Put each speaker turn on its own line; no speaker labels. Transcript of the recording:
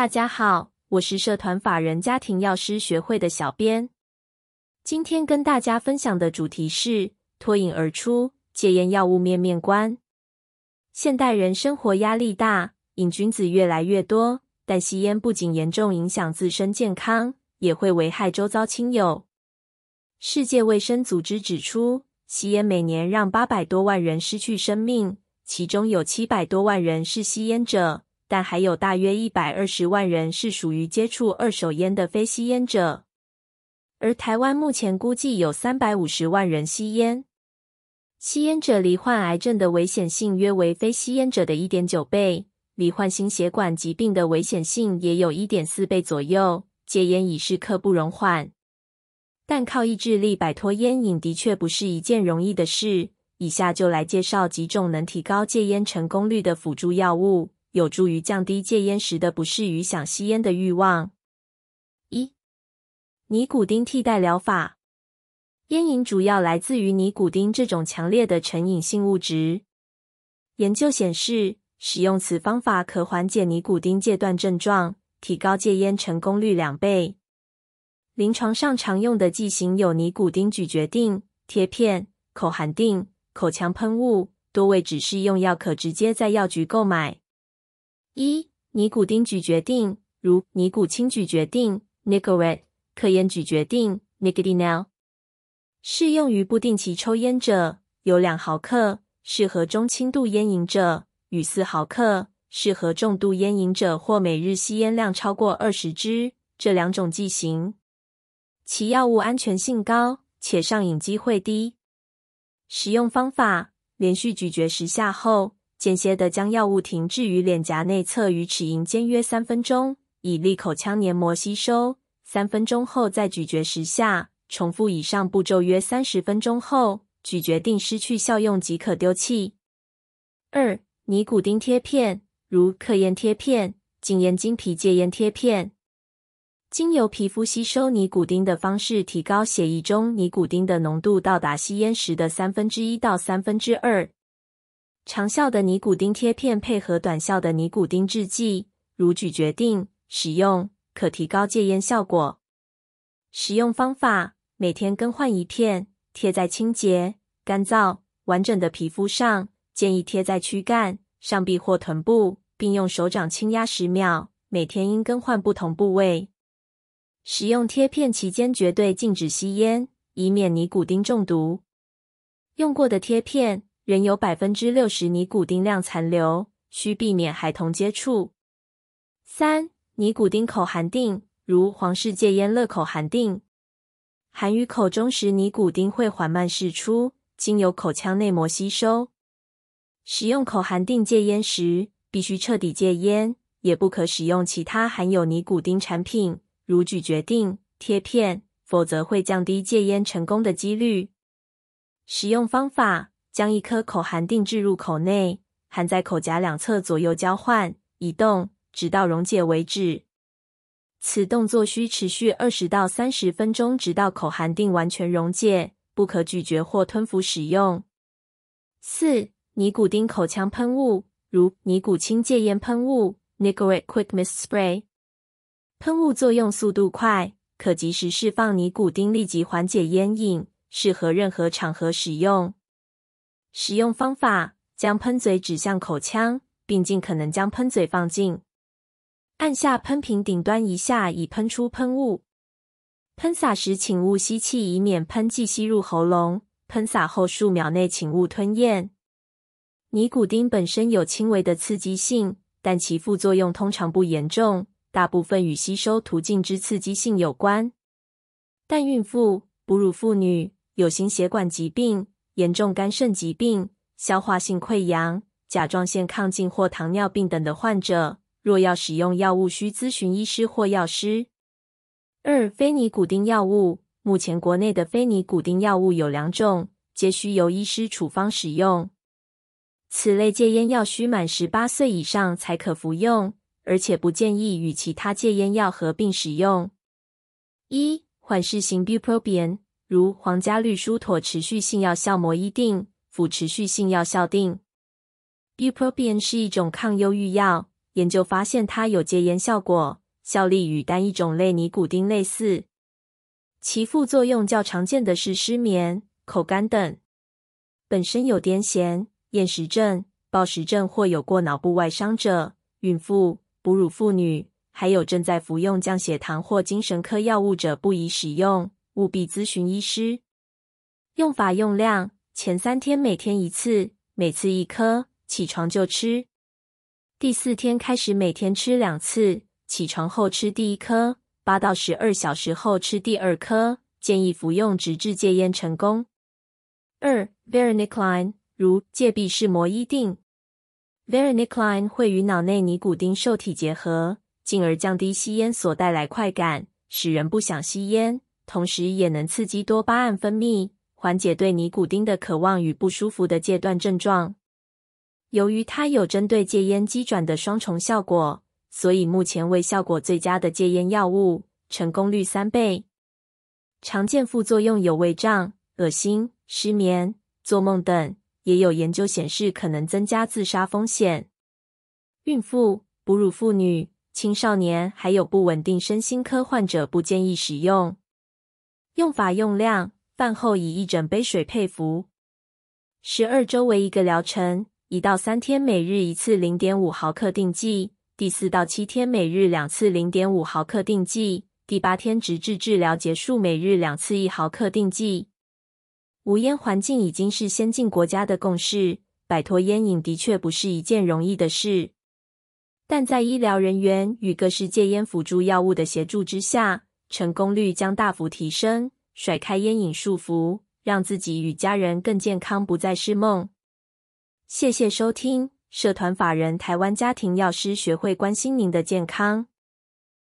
大家好，我是社團法人家庭藥師學會的小編。今天跟大家分享的主題是脫癮而出，戒菸藥物面面觀。現代人生活壓力大，癮君子越來越多，但吸菸不僅嚴重影響自身健康，也會危害周遭親友。世界衛生組織指出，吸菸每年讓八百多萬人失去生命，其中有七百多萬人是吸菸者。但還有大約一百二十萬人是屬於接觸二手煙的非吸煙者，而台灣目前估計有三百五十萬人吸煙。吸煙者罹患癌症的危險性約為非吸煙者的一點九倍，罹患心血管疾病的危險性也有一點四倍左右。戒煙已是刻不容緩，但靠意志力擺脫煙癮的確不是一件容易的事。以下就來介紹幾種能提高戒煙成功率的輔助藥物。有助於降低戒菸時的不適與想吸菸的慾望。一、尼古丁替代療法。菸癮主要來自於尼古丁這種強烈的成癮性物質。研究顯示，使用此方法可緩解尼古丁戒斷症狀，提高戒菸成功率兩倍。臨床上常用的劑型有尼古丁咀嚼錠、貼片、口含錠、口腔噴霧，多為指示用藥，可直接在藥局購買。一、尼古丁咀嚼錠，如尼古清咀嚼錠、Nicorette 克菸咀嚼錠、Nicotinell。適用於不定期抽煙者，有兩毫克，適合中輕度煙癮者；與四毫克，適合重度煙癮者或每日吸煙量超過二十支。這兩種劑型，其藥物安全性高且上癮機會低。使用方法：連續咀嚼十下後，間歇的將藥物停置於臉頰內側與齒齦間約三分鐘，以利口腔黏膜吸收。三分鐘後，再咀嚼十下，重複以上步驟約三十分鐘後，咀嚼錠失去效用即可丟棄。二、尼古丁貼片，如克菸貼片、景菸精皮戒菸貼片，經由皮膚吸收尼古丁的方式，提高血液中尼古丁的濃度，到達吸菸時的三分之一到三分之二。3, 長效的尼古丁貼片配合短效的尼古丁製劑，如咀嚼錠使用，可提高戒菸效果。使用方法：每天更換一片，貼在清潔、乾燥、完整的皮膚上，建議貼在軀幹、上臂或臀部，並用手掌輕壓十秒。每天應更換不同部位。使用貼片期間絕對禁止吸菸，以免尼古丁中毒。用過的貼片。仍有百分之六十尼古丁量殘留，需避免孩童接觸。三、尼古丁口含錠，如黃氏戒煙樂口含錠，含於口中時，尼古丁會緩慢釋出，經由口腔內膜吸收。使用口含錠戒煙時，必須徹底戒煙，也不可使用其他含有尼古丁產品，如咀嚼錠、貼片，否則會降低戒煙成功的幾率。使用方法。將一顆口含錠置入口內，含在口頰兩側，左右交換移動，直到溶解為止。此動作需持續二十到三十分鐘，直到口含錠完全溶解。不可咀嚼或吞服使用。四、尼古丁口腔噴霧，如尼古清戒菸噴霧 （Nicorette Quick Mist Spray）。噴霧作用速度快，可及時釋放尼古丁，立即緩解菸癮，適合任何場合使用。使用方法：將噴嘴指向口腔，並盡可能將噴嘴放進。按下噴瓶頂端一下，以噴出噴霧。噴灑時請勿吸氣，以免噴劑吸入喉嚨。噴灑後數秒內請勿吞咽。尼古丁本身有輕微的刺激性，但其副作用通常不嚴重，大部分與吸收途徑之刺激性有關。但孕婦、哺乳婦女、有心血管疾病。嚴重肝腎疾病、消化性潰瘍、甲狀腺亢進或糖尿病等的患者，若要使用藥物，需諮詢醫師或藥師。二、非尼古丁藥物，目前國內的非尼古丁藥物有兩種，皆需由醫師處方使用。此類戒煙藥需滿十八歲以上才可服用，而且不建議與其他戒煙藥合併使用。一、緩釋型 Bupropion。如皇家綠舒妥持續性藥效膜衣錠輔持續性藥效錠，bupropion 是一種抗憂鬱藥，研究發現它有戒菸效果，效力與單一種類尼古丁類似。其副作用較常見的是失眠、口乾等。本身有癲癇、厭食症、暴食症或有過腦部外傷者、孕婦、哺乳婦女，還有正在服用降血糖或精神科藥物者，不宜使用。務必諮詢醫師。用法用量：前三天每天一次，每次一顆，起床就吃。第四天開始每天吃兩次，起床後吃第一顆，八到十二小時後吃第二顆。建議服用直至戒菸成功。二 Varenicline，如戒必適膜衣錠。Varenicline 會與腦內尼古丁受體結合，進而降低吸菸所帶來快感，使人不想吸菸。同時也能刺激多巴胺分泌，緩解對尼古丁的渴望與不舒服的戒斷症狀。由於它有針對戒菸機轉的雙重效果，所以目前為效果最佳的戒菸藥物，成功率三倍。常見副作用有胃脹、噁心、失眠、做夢等，也有研究顯示可能增加自殺風險。孕婦、哺乳婦女、青少年還有不穩定身心科患者不建議使用。用法用量：飯後以一整杯水配服。十二周為一個療程，一到三天每日一次零點五毫克錠劑；第四到七天每日兩次零點五毫克錠劑；第八天直至治療結束每日兩次一毫克錠劑。無菸環境已經是先進國家的共識，擺脫菸癮的確不是一件容易的事，但在醫療人員與各式戒菸輔助藥物的協助之下。成功率將大幅提升，甩開菸癮束縛，讓自己與家人更健康，不再是夢。謝謝收聽，社團法人台灣家庭藥師學會關心您的健康。